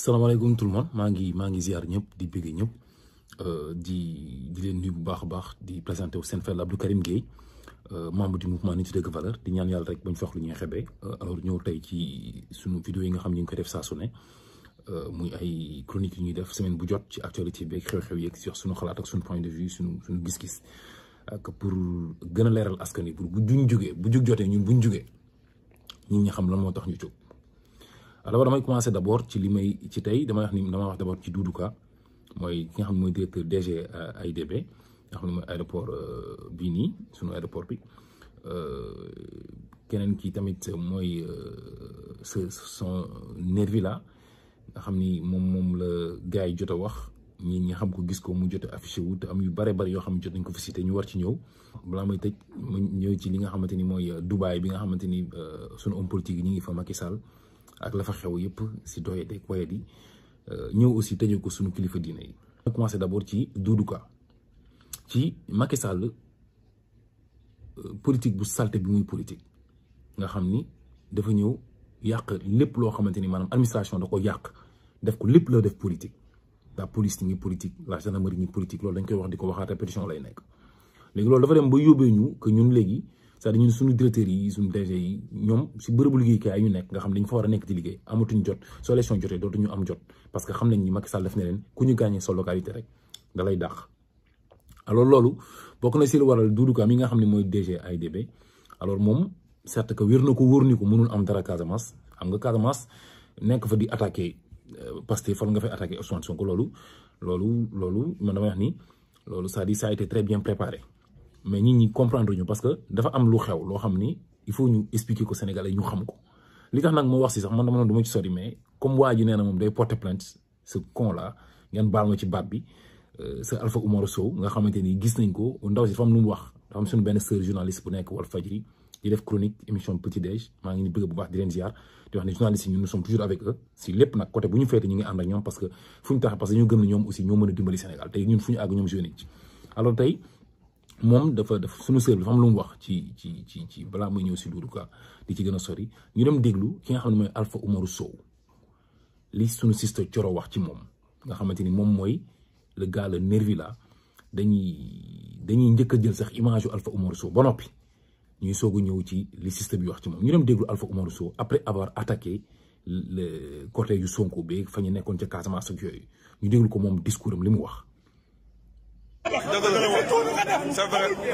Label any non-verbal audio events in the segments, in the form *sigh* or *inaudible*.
salaamaaleykum tout le maa ngi maa ngi ziar ñëpp di bëgg ñëpp euh, di di leen nuyu bu baax a baax di présenté wu seen fel Abdou Karim di euh, membre maa mouvement Nittu Dëgg Valeurs di ñaan yàlla rek bañ fax lu ñuy xebee euh, alors ñëw tey ci sunu vidéo yi nga xam ñu ngi koy def saa su ne muy ay chronique yu ñuy def semaine bu jot ci actualité beeg xew-xew yeeg si suñu xalaat ak suñu point de vue suñu suñu gis-gis ak pour gën a leeral askan wi pour bu duñ jógee bu jug jotee ñu buñ jugee ñun ñi xam lan moo tax ñu jóg alors damay commencer d'abord ci li may ci tey damay wax ni damay wax d'abord ci Doudou Ka mooy ki nga xam ne mooy directeur DG euh, AIBD nga xam ne mooy aéroport euh, bii nii sunu aéroport bi euh, keneen ki tamit mooy ce son nga xam ni moom moom la gars yi jot a wax ñi ñi xam ko gis ko mu jot a affiché wu am yu bare bari yoo xam ne jot nañ ko fi te ñu war ci ñëw balaa may tëj mu ñëw ci li nga xamante ni mooy Dubaï bi nga xamante ni sunu homme politique yi ñu ngi fa Macky Sall ak la fa xew yëpp si doy day koyet di euh, ñëw aussi tëjee ko suñu kilifa diine yi. ma d' abord ci Doudou Ka ci Macky Sall euh, bu salté bi politique nga xam ni dafa ñëw yàq lépp loo xamante ni maanaam administration da ko yàq def ko lépp loo def politique la police ñi politique la gendarmerie ñi politique loolu dañ koy wax di ko waxaat répétition lay nekk léegi loolu dafa dem ba yóbbee ñu que ñun léegi. c'est-à-dire ñun suñu directeurs yi suñu DG yi ñoom si bërëbu liggéeykaay ñu nekk nga xam dañu fa war a nekk di liggéey amatuñ jot soo élection jotee dootuñu am jot parce que xam nañ ni Macky Sall def na leen ku ñu gagné sa localité rek da lay dàq alors loolu bokk na si lu waral Doudou Ka mi nga xam ne mooy ay AIBD alors moom certes que wér na ko wóor ni ko mënul am dara Casamance xam nga Casamance nekk fa di attaqué euh, Pastef fan nga fay attaqué Ousmane Sonko loolu loolu loolu man dama wax ni loolu c'est-à-dire ça a été mais nit ñi comprendre ñu parce que dafa am lu xew loo xam ni il faut ñu expliquer ko Sénégalais ñu xam ko li tax nag moo wax si sax moom day porter plainte bi euh, ce xamante ni gis nañ ko ndaw si dafa am lu mu wax dafa am suñu benn sœur journaliste bu nekk Walf Fadjri di def chronique émission petit déj maa ngi bëgg bu baax di leen wax ne journaliste yi ñun nous toujours avec eux si lépp nag côté bu ñu feete ñu ngi ànd ak ñoom parce que fu ñu tax parce que ñu a dimbali Sénégal tey ñun fu ñu àgg moom dafa def suñu sër bi dafa am lu mu wax ci ci ci ci balaa muy ñëw si Doudou di ci gën a sori ñu dem déglu ki nga xam ne mooy Alpha Umaru Sow li suñu sista Coro wax ci moom nga xamante ni moom mooy le gars le nervi la dañuy dañuy njëkk a jël sax image yu Alpha Umaru Sow ba noppi ñuy soog ñëw ci li sista bi wax ci moom ñu dem déglu Alpha Umaru Sow après avoir attaque le cortège yu Sonko bi fa ñu nekkoon ca Casamance ak yooyu ñu déglu ko moom discours li mu wax. dëgg la c'est na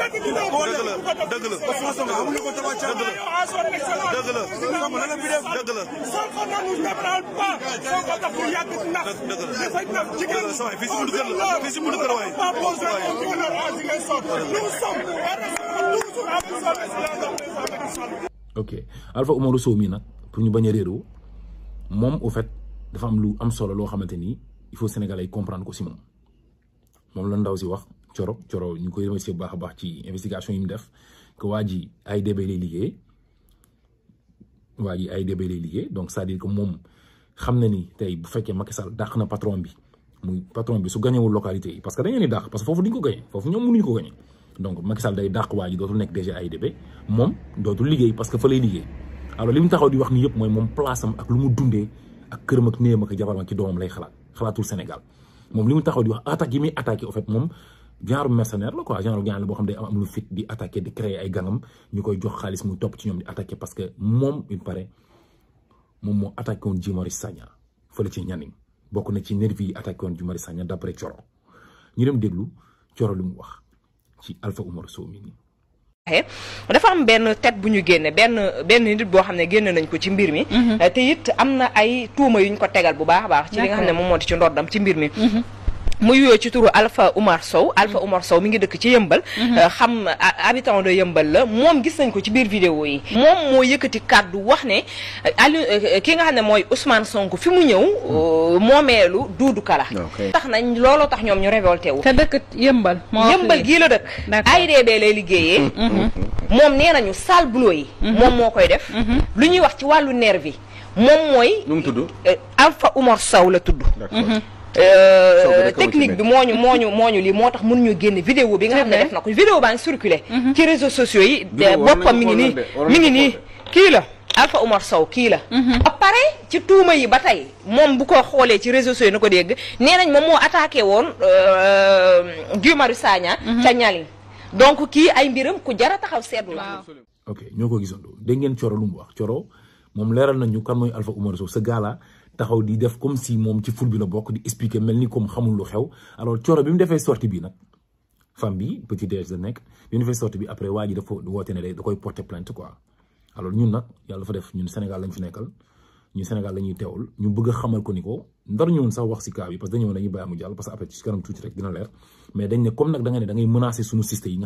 dëgg la Ousmane Sonko amuñu ko tabax dëgg la dëgg la Sonko lan la fi si buntu kër la fii ok Alpha Oumaro Sow mii nag pour ñu bañ a réeroo moom au fait dafa am lu am solo loo xamante ni il faut sénégalais comprendre ko si moom moom la ndaw si wax Coro Coro ñu koy remercier bu baax a baax ci investigation yi mu def que waa ji AIBD lay liggéey waa ji AIBD lay liggéey donc c'est-à-dire moom xam ne ni tey bu fekkee Macky Sall dàq na patron bi muy patron bi su gañewul localité yi parce que dañu ni parce que foofu duñ ko gañe foofu ñoom mënuñu ko gañe donc Macky Sall day dàq waa ji dootul nekk DG AIBD moom dootul liggéey parce que fa lay liggéey alors li mu taxaw di wax ni yëpp mooy moom place am ak lu mu dundee ak këram ak néewam ak ci doomam lay xalaat xalaatul Sénégal moom li mu taxaw di wax attaque yi muy attaqué au fait moom genre mercenaire la quoi genre gaañ la boo xam ne am lu fit di attaqué di créer ay gangam ñu koy jox xaalis mu topp ci ñoom di attaqué parce que moom il paraît moom moo attaqué woon Guy Marius Sagna fële ci ñaniñ bokk na ci nervi yi attaqué woon jumari Marius Sagna d'après Thioro ñu dem déglu Thioro li mu wax ci Alpha Oumar Sow mi dafa am benn tête bu ñu génne benn benn nit boo xam ne génne nañ ko ci mbir mi mhm. te it am na ay tuuma yu ñu ko tegal bu baax baax ci li nga xam ne moom moo di ci ndoddam ci mbir mi mhm. mu yuyoo ci turu Alpha Oumar Sow Alpha Oumar Sow mi ngi dëkk ci yëmbal mhm. euh, xam euh, habitant de yëmbal la moom gis nañ ko ci biir vidéo yi moom moo yëkkati kàddu wax ne euh, ki nga xam ne mooy Ousmane Sonko fi mu ñëw moomeelu Doudou Kala tax nañ looloo tax ñoom ñu révolté wu te dëkk yëmbal yëmbal gii la dëkk AIBD lay liggéeyee *laughs* mhm. Mhm. moom nee nañu sale boulot yi moom moo koy def lu ñuy wax ci wàllu nervi moom mooy nu mu Alpha Oumar Sow la tudd Euh, euh, technique bi mooñu mooñu moo lii moo tax mën ñu génne vidéo bi nga xam ne def na ko vidéo baa ngi circulé mhm. ci réseaux sociaux yi boppam mi ngi nii mi ngi nii kii la Alpha Oumar Sow kii la mhm. ba pare ci tuuma yi ba tey moom bu ko xoolee ci réseaux sociaux yi na ko dégg nee nañ moom moo attaqué woon euh, Guy Marius Sagna mhm. ca ñali donc kii ay mbiram ku jara taxaw seetlu la ok ñoo ko gisandoo dégg ngeen Coro lu mu wax Coro moom leeral nañu kan mooy Alpha Oumar Sow ce gars taxaw di def comme si moom ci ful bi la bokk di expliquer mel ni comme xamul lu xew alors Thioro bi mu defee sortie bi nag femme bi petit déj la nekk bi mu defee sortie bi après waa ñun nag yàlla dafa def ñun Sénégal lañ fi nekkal ñun Sénégal ñu bëgg a xamal ko ni ko ndar ñëwoon sax wax si cas bi parce que dañu woon dañuy bàyyi mu jàll parce que nag da nga ne da yi nga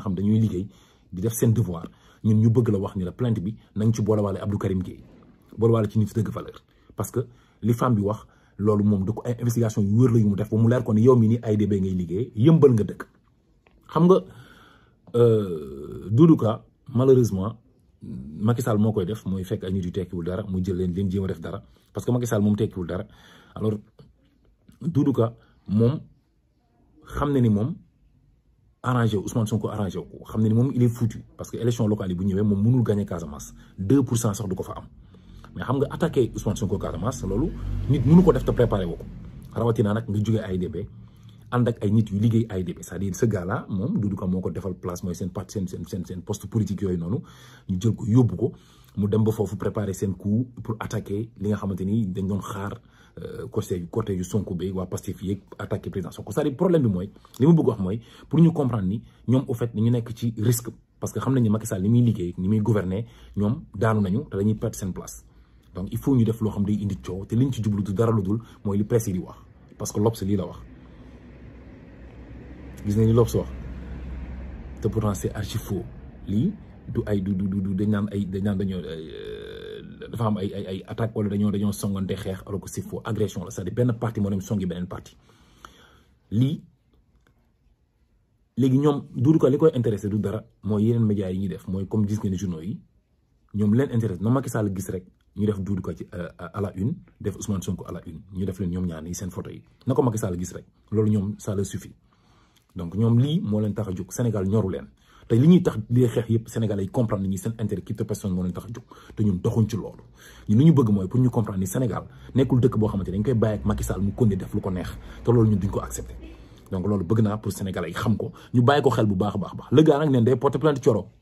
xam dañuy liggéey di def seen devoir ñun ñu bëgg la wax ni la plainte bi nañ ci boolewaale Abdou Karim Gueye boolewaale ci nit dëgg valeur parce que li femme bi wax loolu moom du ko ay investigation yu wër la yu mu def ba mu leer ko yow mi ni AIBD ngay liggéey yëmbal nga dëkk xam nga euh, Doudou Ka malheureusement Macky Sall moo koy def mooy fekk ay nit tekkiwul dara mu jël leen leen jéem a def dara parce que Macky Sall moom tekkiwul dara alors Doudou moom xam na ni moom arrangé wu Ousmane Sonko arrangé wu ko xam na ni moom il est foutu parce que élection locale yi bu ñëwee moom mënul gagner Casamance 2 pour cent sax du ko fa am. mais xam nga attaqué Ousmane Sonko Casamance loolu nit mënu ko def te préparé woo ko rawatina nag nga jógee AIBD ànd ak ay nit yu liggéey AIBD c'est-à-dire moom Doudou Ka moo ko defal place mooy seen parti seen seen seen poste politique yooyu noonu ñu jël ko yóbbu ko mu dem ba foofu préparer seen coup pour attaquer li nga xamante ni dañ doon xaar euh, côté côté yu Sonko bi waa Pastef yeeg attaqué président Sonko c'est-à-dire problème bi mooy li ma bëgg wax mooy pour ñu comprendre ni nekk ci risque parce que xam nañ ne Macky Sall ni muy liggéey ni muy gouverner ñoom daanu seen place. donc il faut ñu def loo xam day indi coow te liñ ci jublu du dara lu dul mooy li presse yi di wax parce que L'Obs lii la wax gis nañ li L'Obs wax te pourtant c'est archi faux lii du ay du du du dañ naan ay dañ naan dañoo euh, dafa am ay ay ay attaque wala dañoo dañoo songante xeex alors que c'est faux agression la cest à benn parti moo dem songi beneen parti lii léegi ñoom Doudou ko li koy intéressé du dara mooy yeneen médias yi ñuy def mooy comme gis ngeen journaux yi ñoom leen intéressé na Macky Sall gis rek ñu def Doudou Ka ci euh, à la une def Ousmane Sonko à la une ñu def leen ñoom ñaar nii seen photo yi na ko Macky Sall gis rek loolu ñoom ça leur suffit donc ñoom lii moo leen tax a jóg Sénégal ñoru leen te li ñuy tax di xeex yëpp Sénégal ay comprendre ni seen intérêt crypto personne moo leen tax a jóg te ñun doxuñ ci loolu ñun li ñu bëgg mooy pour ñu comprendre ni Sénégal nekkul dëkk boo xamante dañ koy bàyyi ak Macky Sall mu continuer def lu ko neex te loolu ñun duñ ko accepter donc loolu a baax le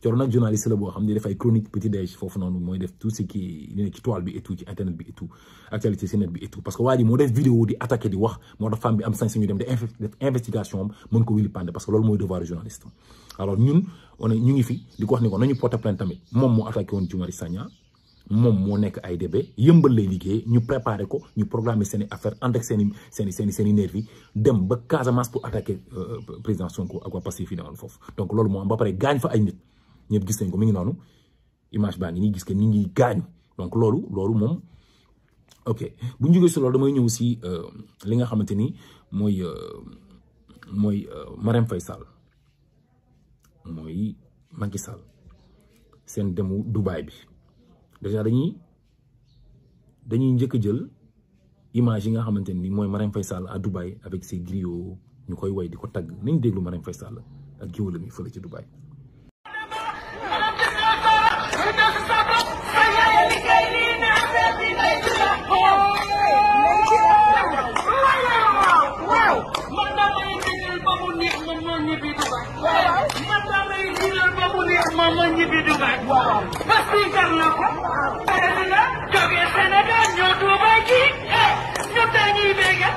Thioro nag journaliste la boo xam ne dafay chronique petit déj foofu noonu mooy def tout ce qui li nekk ci toile bi et ci internet bi et tout actualité net bi et parce que waa moo def vidéo di attaqué di wax moo tax femme am sañ suñu dem def investigation ñu ngi ko wax ni ko nañu porter plainte tamit moom moo attaqué woon Guy Marius moom moo nekk ay débé yëmbal lay liggéey ñu préparé ko ñu programmer seen i affaire ànd ak seen i nervi dem ba Casamance pour attaquer euh, président Sonko ak waa Pastef foofu donc loolu moo am ba pare gaañ ñëpp gis nañ ko mi ngi noonu image baa ngi nii gis que ni ñi gaañ donc loolu loolu moom ok bu ñu jógee si loolu damay ñëw si euh, li nga xamante ni mooy euh, mooy euh, Marème Faye Sall mooy seen demu Dubaay bi déjà dañuy dañuy njëkk jël image yi nga xamante ni mooy Marème Faye Sall à Dubaï avec ses griots ñu koy way di ko tagg nañ déglu Marème fay Sall ak géwalam yi fële ci Dubaï neex ma ma ñibbi Dubaay. waaw man maa may jiital ba mu neex ma ma ñibbi Dubaay. waaw parce que jar na ko. waaw la jógee Sénégal ñu dañuy béykat.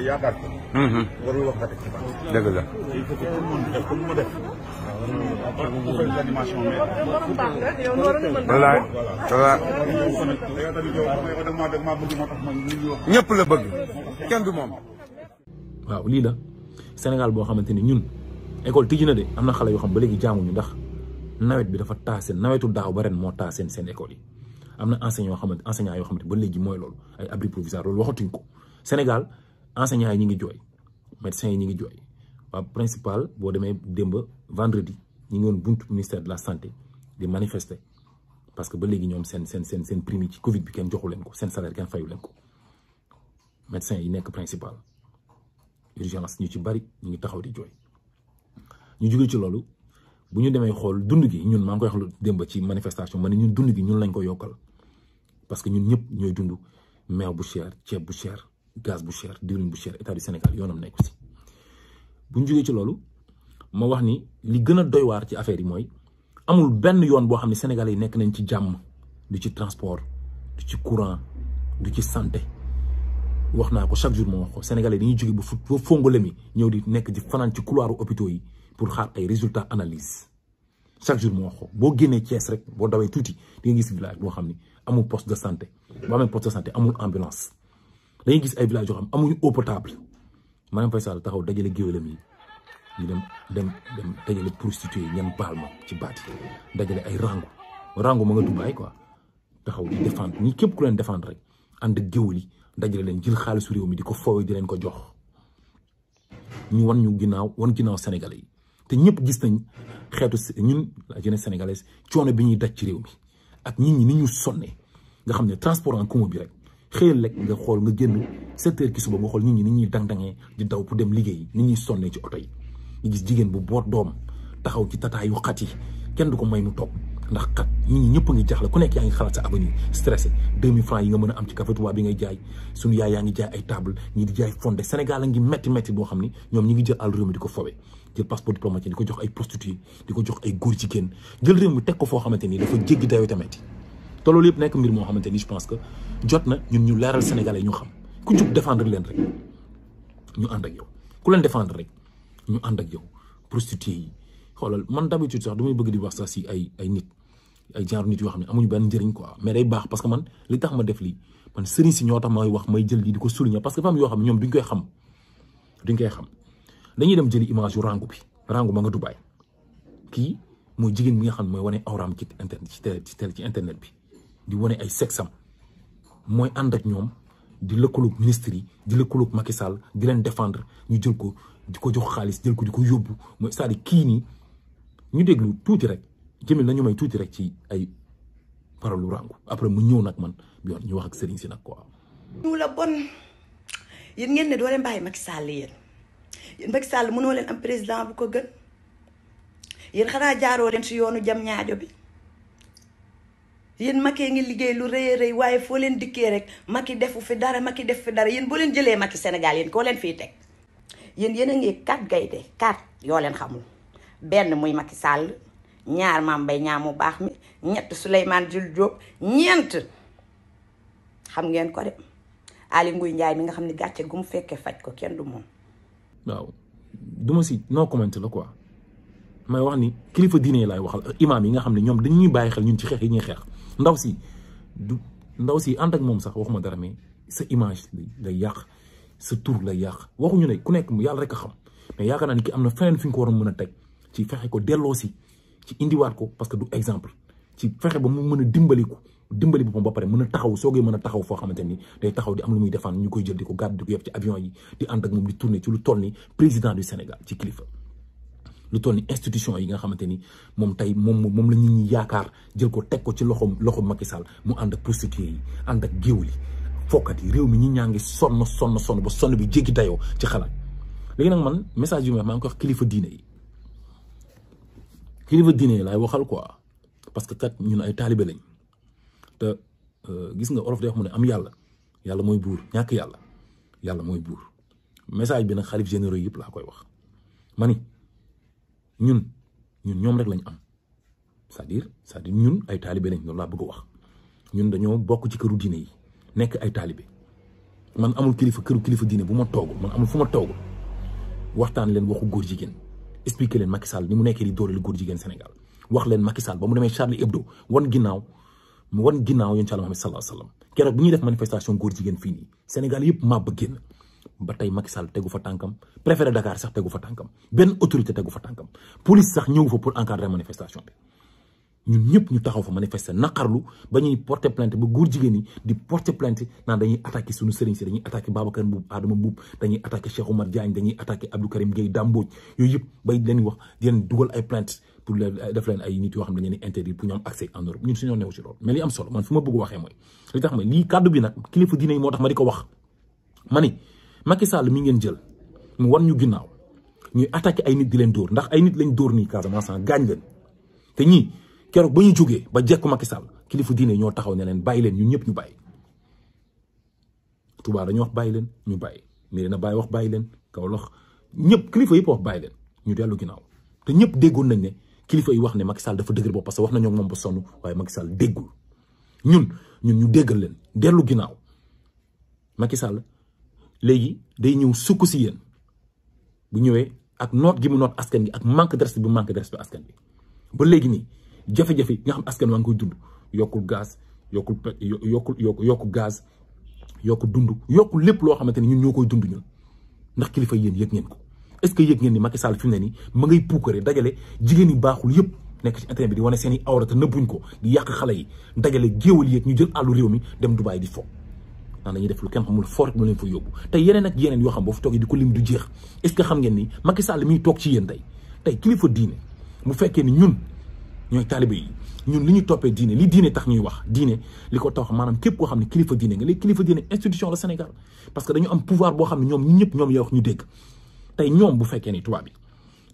yaakaar ko. warul wax dëgg ci baax. dëgg la. il faut que Sénégal boo xamante ni ñun école tijji na de am na xale yoo xam ba léegi jànguñu ndax nawet bi dafa taas seen nawetu daaw ba ren moo taas seen seen école yi am na enseignant yoo xamante enseignant yoo xamante ba léegi mooy loolu ay abri provisoire loolu waxatuñ ko Sénégal enseignant yi ñu ngi jooy médecins yi ñu ngi jooy waa principal boo demee démb vendredi ñu ngi woon buntu ministère de la santé di manifester parce que ba léegi ñoom seen seen seen seen prime yi ci bi kenn joxu leen ko seen salaire kenn fayu leen ko médecins yi nekk principal. urgence ñu ci bari ñu ngi taxaw di jooy ñu jógee ci loolu bu ñu demee xool dund gi ñun maa ngi koy wax lu démb ci manifestation ma ne ñun dund gi ñun lañ ko yokkal parce que ñun ñëpp ñooy dund mais bu cher ceeb bu cher gaz bu cher diwlin bu cher état du Sénégal yoonam nekku si bu ñu jógee ci loolu ma wax ni li gën a doy waar ci affaire yi mooy amul benn yoon boo xam ne Sénégalais yi nekk nañ ci jàmm du ci transport du ci courant du ci santé. wax naa ko chaque jour moo wax ko sénégalais dañuy jóge ba fu ba fongole mi ñëw di nekk di fanaan ci couloiru hôpitaux yi pour xaar ay résultats analyse chaque jour moo wax ko boo génnee Thiès rek boo dawee tuuti di nga gis village boo xam ni amul poste de santé boo amee poste de santé amul ambulance dañuy gis ay village yoo xam amuñu eau potable Marième Faye Sall taxaw dajale géwélam yi ñu dem dem dem dajale prostituée ñan baal ma ci baat yi dajale ay rango rango ma nga Dubaay quoi taxaw di défendre ñi képp ku leen défendre rek ànd ak géwél yi dajale leen jël xaalisu réew mi di ko foowe di leen ko jox ñu wan ñu ginnaaw wan ginnaaw sénégalais yi te ñëpp gis nañ xeetu ñun la jeunesse sénégalaise coono bi ñuy daj ci réew mi ak nit ñi ni ñu sonnee nga xam ne transport en commun bi rek xëyal lekk nga xool nga génn sept heures ki suba nga xool nit ñi ni ñuy dang-dangee di daw pour dem liggéey ni ñuy sonnee ci oto yi ñu gis jigéen bu boot doom taxaw ci tataayu xat yi kenn du ko may mu toog ndax kat nit ñi ñëpp a ngi jaaxle ku nekk yaa ngi xalaat sa avenir stressé 2000 francs yi nga mën a am ci café Touba bi ngay jaay suñu yaay yaa ngi jaay ay table ñi di jaay fondé Sénégal a ngi métti métti boo xam ni ñoom ñi ngi jël àll di ko fowe jël passeport diplomatique di ko jox ay prostituée di ko jox ay góor jigéen jël réew mi teg ko foo xamante ni dafa jéggi dayoo tamit te loolu yëpp nekk mbir moo xamante ni je pense que jot na ñun ñu leeral sénégalais ñu xam ku jub défendre leen rek ñu ànd ak yow ku leen défendre rek ñu ànd ak yow prostituée yi xoolal man d'habitude sax damay bëgg di wax sax si ay genre nit yoo xam ne amuñu benn njëriñ quoi mais day baax parce que man li tax ma def lii man sëriñ si ñoo tax may wax may jël lii di ko souligner parce que femme yoo xam ne ñoom duñ koy xam koy xam dañuy dem jëli image yu rangu bi rangu ma nga Dubaay kii mooy jigéen bi nga xam ne mooy wane awraam ci internet ci internet bi di wane ay sexam mooy ànd ak ñoom di lëkkaloog ministre yi di lëkkaloog Macky Sall di leen defendre ñu jël ko di ko jox xaalis jël ko di ko yóbbu mooy cest à kii nii ñu déglu tuuti rek. jëmil nañu may tuuti rek ci ay parole rangu après mu ñëw nag man bi ñu wax ak sëriñ si nag quoi. ñu la bon yéen ngeen ne doo leen bàyyi Macky Sall yéen yéen Macky Sall leen am président bu ko gën yéen xanaa jaaroo leen si yoonu jam ñaajo bi yéen Macky ngi liggéey lu rëy a waaye foo leen dikkee rek Macky defu fi dara Macky def fi dara yéen boo leen jëlee Macky senegal yéen koo leen fiy teg yéen yéen ngi kat gaynde kat yoo leen xamul benn muy Macky Sall. ñaar maam bay ñaam mu baax mi ñett Souleymane Jules Diop ñeent xam ngeen ko de Aly Ngouille Ndiaye mi nga xam ne gàcce gu mu fekkee faj ko kenn du moom. waaw du ma si non comment la quoi may wax ni kilifa diine laay waxal imaam yi nga xam ne ñoom dañuy bàyyi xel ñu ñun ci xeex yi ñuy xeex ndaw si du ndaw si ànd ak moom sax waxuma dara mais sa image lay yàq sa tur lay yàq waxuñu ne ku nekk mu yàlla rek a xam mais yaakaar naa ni ki am na feneen fi nga ko war a mën a teg ci fexe ko delloo si. ci indiwaat ko parce que du exemple ci fexe ba mu mën a dimbali ko dimbali boppam ba pare mën a taxaw soogee mën a taxaw foo xamante ni day taxaw di am lu muy defaan ñu koy jël di ko gàdd di ko yeb ci avion yi di ànd ak moom di tourner ci lu toll ni ci kilifa. lu toll ni institution yi nga xamante ni moom tey moom moom la nit ñi yaakaar jël ko teg ko ci loxo loxo Macky Sall mu ànd ak prostitué yi ànd ak géew yi fokkat yi réew mi ñu ñaa ngi sonn sonn sonn ba sonn bi jéggi dayoo ci xalaat léegi nag man message yu ma maa ngi ko wax kilifa diine yi. kilifa diine yi laay waxal quoi parce que kat ñun ay taalibe lañ te euh, gis nga olof day wax mu ne am yàlla yàlla mooy buur ñàkk yàlla yàlla mooy buur message bi nag xalif généraux yëpp laa koy wax ma ñun ñun ñoom rek lañ am c'est-à-dire ñun ay taalibe lañ loolu laa bëgg ñun dañoo bokk ci këru diine nekk ay taalibe man amul kilifa këru kilifa diine bu ma toogul man amul fu ma toogul waxtaan leen waxu góor jigéen expliquer leen Macky Sall ni mu nekkee di dooleel góor jigéen Sénégal wax leen Macky Sall ba mu demee Charlie Hebdo wan ginnaaw mu wan ginnaaw yoon ci Yàlla Muhammad sallallahu alayhi wasallam keroog bu ñuy def manifestation góor jigéen fii nii Sénégal yëpp màbb génn ba tey Macky Sall tegu fa tànkam préfet de Dakar sax tegu fa tànkam benn autorité tegu fa tànkam police sax ñëw fa pour encadrer manifestation bi ñun ñëpp ñu taxaw fa manifester naqarlu ba ñuy porter plainte ba góor jigéen ñi di porter plainte naan dañuy attaquer suñu sëriñ si dañuy attaquer Babacar Mbuub Adama Mbuub dañuy attaquer Cheikh Oumar Diagne dañuy attaquer Abdou Karim Gueye Dambodj yooyu yëpp bay leen wax di leen dugal ay plainte pour leen def leen ay nit yoo xam ne dañu leen pour ñu am accès en Europe ñun suñoo neew ci loolu mais li am solo man fi ma bëgg waxee mooy li tax ma lii kàddu bi ma di ko wax ñu ginnaaw ñuy attaquer nit di leen dóor ndax ay nit lañ dóor nii Casamance keroog ba ñu jógee ba jekku Macky Sall kilifa diine ñoo taxaw ne leen bàyyi leen ñun ñëpp ñu bàyyi Touba dañu wax bàyyi leen ñu bàyyi Médina bàyyi wax bàyyi leen Kaolack ñëpp kilifa yëpp wax bàyyi leen ñu dellu ginnaaw te ñëpp déggoon nañ ne kilifa yi wax ne Macky Sall dafa dëgër bopp parce que wax nañoo moom ba sonn waaye Macky Sall déggul ñun ñun ñu déggal leen dellu ginnaaw Macky Sall léegi day ñëw sukk si yéen bu ñëwee ak noot gi mu noot askan gi ak manque de respect bi askan bi ba léegi nii. jafe-jafe yi nga xam askan waa ngi koy dund yokkul gaz yokkul pe yokkul yokku gaz yokku dund yokkul lépp loo xamante ni ñun ñoo koy dund ñun ndax kilifa yéen yëg ngeen ko est que yëg ngeen ni Macky Sall fi mu ne nii ma ngay puukare dajale jigéen yi baaxul yëpp bi di wane seen i awra te nëbbuñ ko di yàq xale yi dajale géewal yéeg ñu jël àllu réew mi dem Dubaay di fo naan dañuy def lu kenn xamul fort mu leen fa yóbbu te ak yeneen yoo xam boo fi toogee di ko lim du que xam ngeen ni Macky Sall miy toog ci yéen tey tey kilifa diine mu fekkee ni ñun ñooy taalibe yi ñun li ñu toppee diine li diine tax ñuy wax diine li ko tax maanaam képp koo xam ne kilifa diine nga léegi kilifa diine institution la Sénégal parce que dañu am pouvoir boo xam ne ñoom ñëpp ñoom yow wax ñu dégg tey ñoom bu fekkee ni tubaab bi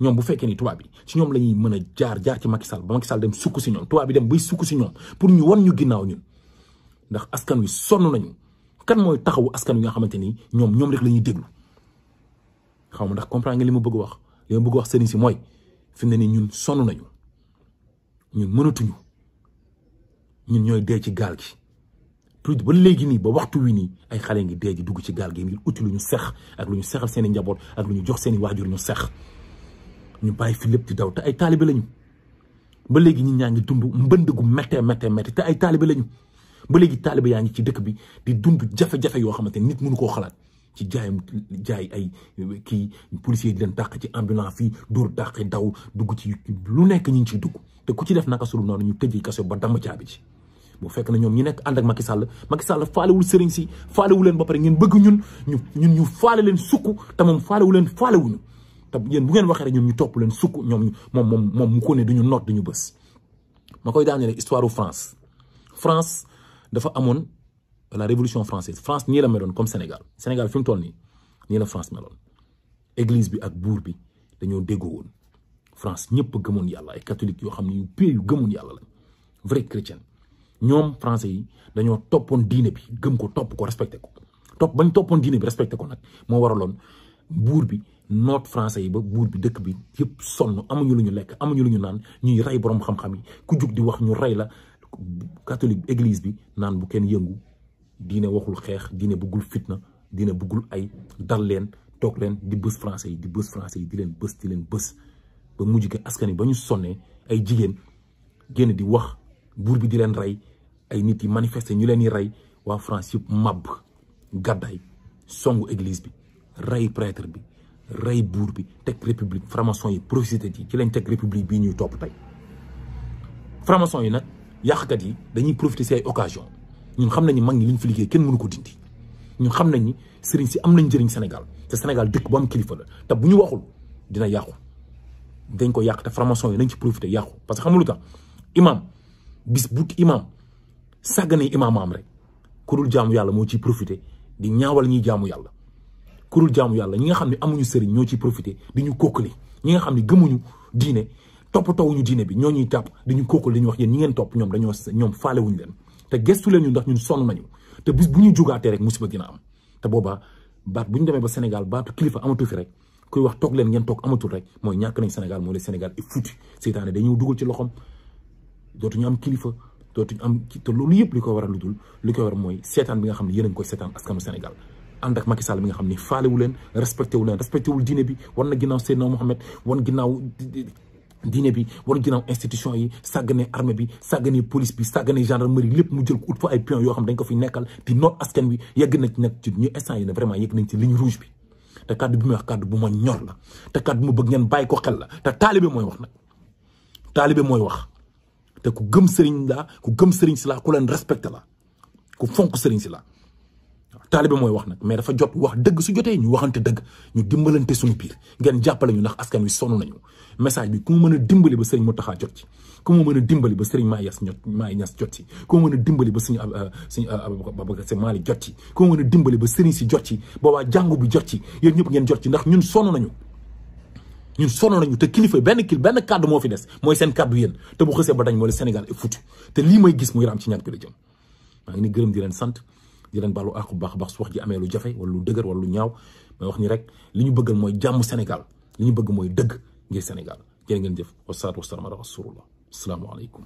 ñoom bu fekkee ni tubaab bi ci ñoom la ñuy mën a jaar jaar ci Macky Sall ba Macky Sall dem sukk si ñoom tubaab bi dem bay sukk si ñoom pour ñu wan ñu ndax askan wi sonn nañu kan mooy taxawu askan wi nga xamante ni ñoom ñoom rek la ñuy déglu xaw ma ndax comprendre nga li ma bëgg wax li ma bëgg wax sëriñ si mooy fi ne nii ñun sonn nañu ñu mënatuñu ñun ñooy dee ci gaal gi plus ba léegi nii ba waxtu wi nii ay xale ngi dee ji dugg ci gaal gi ngir uti lu ñu seex ak lu ñu sexal seen i njaboot ak lu ñu jox seen waajur ñu sex ñu bàyyi fi lépp di daw te ay taalibe lañu ba léegi ñi ñaa ngi dund mbënd gu mettee méttee te ay taalibe lañu ba léegi taalibe yaa ngi ci dëkk bi di dund jafe-jafe yoo xamante nit mënu koo xalaat. ci jaayam jaay ay kii policier di leen dàq ci ambulance fii dóor dàq daw dugg ci lu nekk ñu ngi ciy dugg te ku ci def naka sulu noonu ñu tëj kaso ba damm caabi ci bu fekk na ñoom ñu nekk ànd ak Macky Sall Macky Sall faalewul sëriñ si faalewu leen ba pare ngeen bëgg ñun ñu ñun ñu faale leen sukk te moom faalewu leen faalewuñu te yéen bu ngeen waxee rek ñu topp leen sukk ñoom moom moom moom mu ko ne ñu noot ñu bës ma koy daanee histoire u France France dafa amoon la révolution française France nii la meloon comme Sénégal Sénégal fi mu toll nii nii la France meloon église bi ak buur bi dañoo déggoo woon France ñëpp gëmoon yàlla ay catholiques yoo xam ne yu pire yu gëmoon yàlla lañ vrai chrétien ñoom français yi dañoo toppoon diine bi gëm ko topp ko respecté ko topp bañ toppoon diine bi respecté ko nag moo waraloon buur bi noot français yi ba buur bi dëkk bi yëpp sonn amuñu lu ñu lekk amuñu lu ñu naan ñuy rey borom xam yi ku jug di wax ñu rey la catholique église bi naan bu kenn yëngu. diine waxul xeex diine bëggul fitna diine bëggul ay dal leen toog leen di bës français yi di bës français yi di leen bës di leen bës ba mujj gi askan yi ba ñu sonnee ay jigéen génn di wax buur bi di leen rey ay nit yi manifester ñu leen di rey waa France yi màbb gàddaay songu eglise bi rey prêtre bi rey buur bi teg république franc-maçon yi profité yi ci lañ teg république bii ñuy topp tey franc yi nag yàqkat yi dañuy profité si ay occasion ñu xam nañu mag ñi li ñu fi liggéey kenn mënu ko dindi ñu xam nañ ni sëriñ si am nañ njëriñ Sénégal te Sénégal dëkk bu am kilifa la te bu ñu waxul dina yàqu dañ ko yàq te formation yi nañ ci profité yàqu parce que xam nga lu tax imam bis bu imam sàgganee imaamaam rek ku dul jaamu yàlla moo ciy profité di ñaawal ñuy jaamu yàlla ku dul jaamu yàlla ñi nga xam ne amuñu sëriñ ñoo ciy profité di ñu kokkali ñi nga xam ne gëmuñu diine toppatawuñu diine bi ñoo ñuy tàpp di ñu kokkali di ñu wax yéen ñi ngeen topp ñoom dañoo ñoom te gestu leen ñu ndax ñun sonn nañu te bis bu ñu jugaatee rek musiba dina am te boobaa baat bu ñu demee ba Sénégal baatu kilifa amatu fi rek kuy wax toog leen ngeen toog amatul rek mooy ñàkk nañ Sénégal mooy le Sénégal est foutu seytaane day ci loxom dootuñu am kilifa dootuñu am te loolu yëpp li ko waral lu dul li ko waral mooy seetaan bi nga xam ne yéen a ngi koy seetaan askanu Sénégal ànd ak Macky bi nga xam ni faalewu leen respecté wu leen respecté wul diine bi war na ginnaaw Seydina Mohamed wan ginnaaw diine bi war ginnaaw institution yi sàggane armée bi sàggane police bi sàggane gendarmerie lépp mu jël ko ut ay pion yoo xam dañ ko fi nekkal di noot askan wi yegg nañ ci nag ci ñu instant yi ne vraiment yegg nañ ci ligne rouge bi te kàddu bi may wax kàddu bu ma ñor la te kàddu bu ma bëgg ngeen bàyyi ko xel la te taalibe mooy wax nag taalibe mooy wax te ku gëm sëriñ la ku gëm sëriñ si la ku leen respecté la ku fonk sëriñ si la taalibe mooy wax nag mais dafa jot wax dëgg su jotee ñu waxante dëgg ñu dimbalante suñu biir ngeen jàppale ñu ndax askan wi sonn nañu message bi ku mu mën a dimbali ba sëriñ Mountakha jot ci ku mu mën a dimbali ba sëriñ Mahi Niass Mahi Niass jot ci ku mën a dimbali ba sëriñ euh, sëriñ euh, Babacar Sy Malick jot ci ku mu mën a dimbali ba sëriñ si jot ci boobaa jàngu bi jot ci yéen ñëpp ngeen jot ci ndax ñun sonn nañu ñun sonn nañu te kilifa benn kil benn kàddu moo fi des mooy seen kàddu yéen te bu xësee ba dañ moo la Sénégal est foutu te lii may gis mu raam ci ñaan ko la jëm maa ni gërëm di leen sant di leen baalu àq bu baax baax su wax ji amee lu jafe wala lu dëgër wala lu ñaaw may wax ni rek li ñu bëggal mooy jàmm Sénégal li ñu bëgg mooy dëgg ngir Sénégal jërë ngeen jëf wasalaatu wasalaam ala rasulullah asalaamaaleykum